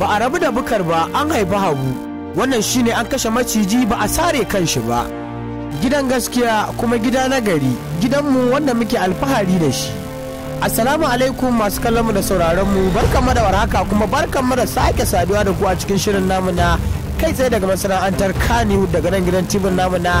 ba a rabu da bukar ba an haifi hagu wannan shine an kashe maciji ba a sare kan shi ba gidan gaskiya kuma gida na gari gidanmu wanda muke alfahari da shi assalamu alaikum masu kallonmu da sauraronmu barkanmu da warhaka kuma barkanmu da sake saduwa da ku a cikin shirin namu na kai tsaye daga masana'antar KANU daga nan gidan tibin namu na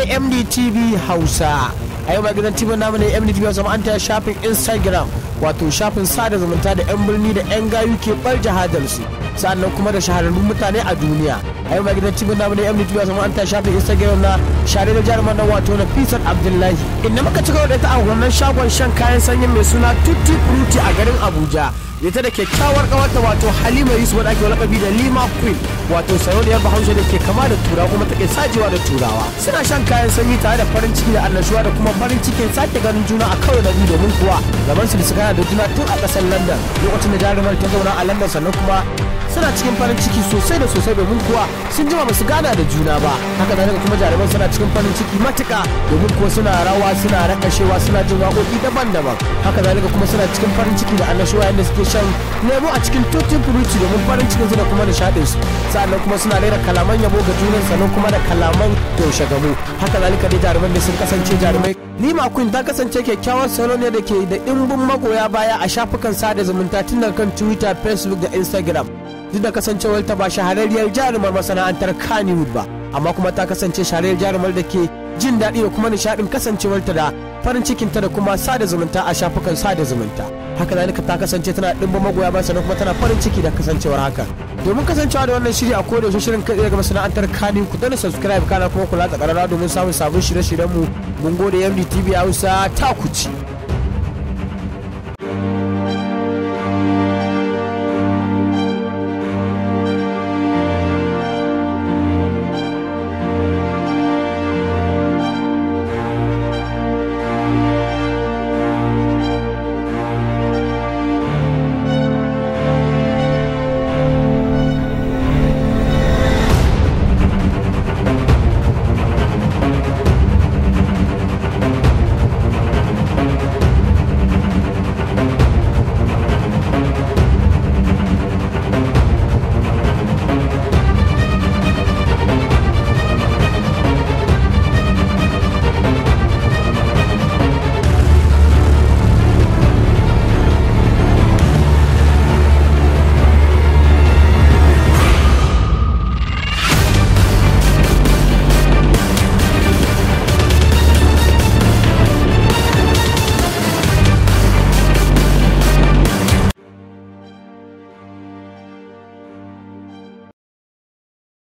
amd tv hausa a yau gidan tibin namu na amd tv hausa an shafin instagram wato shafin sada zumunta da 'yan birni da 'yan gayu ke bar jihadarsu sannan kuma da shahararrun mutane a duniya a yau gidan cibin namu ne md ba an ta shafin instagram na share da jaruman nan wato na fisat abdullahi inda muka ci da ta a wannan shagon shan kayan sanyi mai suna tutti fruti a garin abuja ita da kyakkyawar kawarta wato halima yusuf wadda ake lakabi da lima queen wato sarauniyar bahaushe da ke kama da turawa kuma take sajewa da turawa suna shan kayan sanyi tare da farin ciki da annashuwa da kuma farin cikin sake ganin juna a kawai na biyu domin kuwa gaban su da su da juna tun a kasar london lokacin da jarumar ta zauna a london sannan kuma suna cikin farin ciki sosai da sosai domin kuwa sun jima ba su gana da juna ba haka da kuma jaruman suna cikin farin ciki matuka domin kuwa suna rawa suna rakashewa suna jin waƙoƙi daban-daban haka da kuma suna cikin farin ciki da annashuwa yadda suke shan lemo a cikin tutun furuci domin farin cikin su da kuma nishaɗin su sa'annan kuma suna rera kalaman yabo ga junan sannan kuma da kalaman yaushe gamo haka zalika dai jaruman da sun kasance jarumai lima queen ta kasance kyakkyawan salo ne da ke da ɗimbin magoya baya a shafukan sada zumunta tun kan twitter facebook da instagram duk da kasancewar ta ba shahararriyar jarumar masana'antar Kannywood ba amma kuma ta kasance shahararriyar jarumar da ke jin daɗi da kuma nishaɗin kasancewar ta da farin cikinta da kuma sada zumunta a shafukan sada zumunta haka zalika ta kasance tana ɗimba magoya ba sannan kuma tana farin ciki da kasancewar haka domin kasancewa da wannan shiri a koda yaushe shirin kai daga masana'antar kani ku dana subscribe kana kuma kula da karara domin samun sabon shirye-shiryen mu mun gode MDTV Hausa ta kuci.